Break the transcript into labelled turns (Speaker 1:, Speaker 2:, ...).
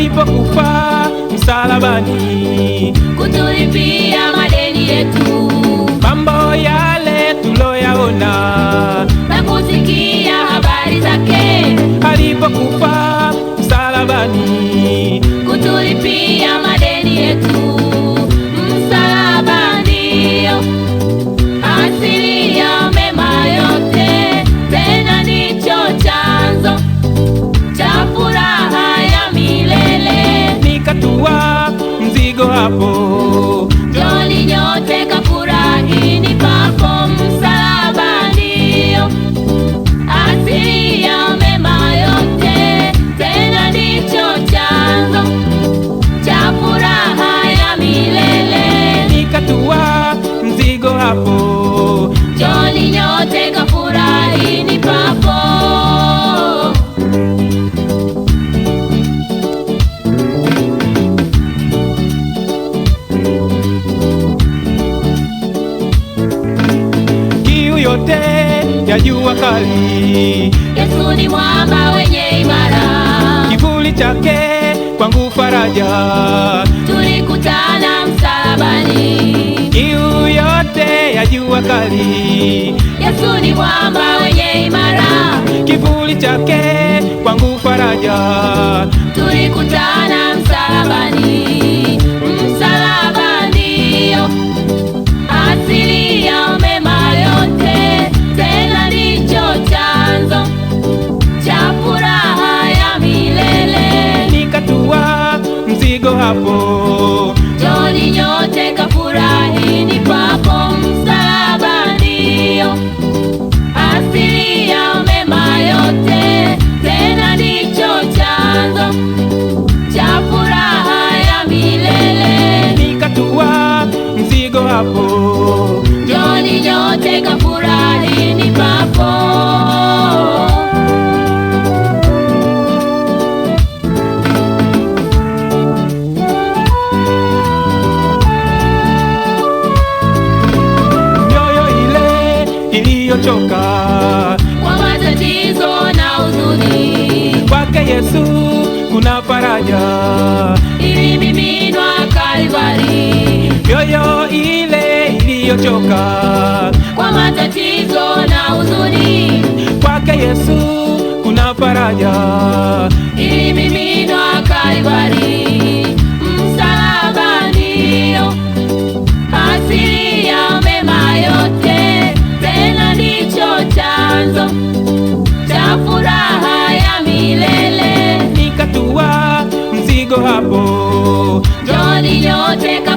Speaker 1: alipokufa msalabani kutulipia madeni yetu
Speaker 2: papo. Njoni nyote kafurahini papo.
Speaker 1: Kiu yote ya jua kali, Yesu ni
Speaker 2: mwamba wenye imara,
Speaker 1: kivuli chake kwangu faraja jua kali. Yesu ni mwamba wenye imara, kivuli chake kwangu faraja.
Speaker 2: Tulikutana msalabani, msalaba ndio oh. asili
Speaker 1: ya mema
Speaker 2: yote, tena ndicho chanzo cha furaha ya milele.
Speaker 1: Nikatua mzigo hapo choka kwa matatizo na huzuni. Kwake Yesu kuna faraja ilimiminwa Kalvari, yoyo ile iliyochoka kwa matatizo na huzuni. Kwake Yesu kuna faraja ilimiminwa Kalvari.
Speaker 2: Msalaba ndio asili ya mema yote. Johnny, you're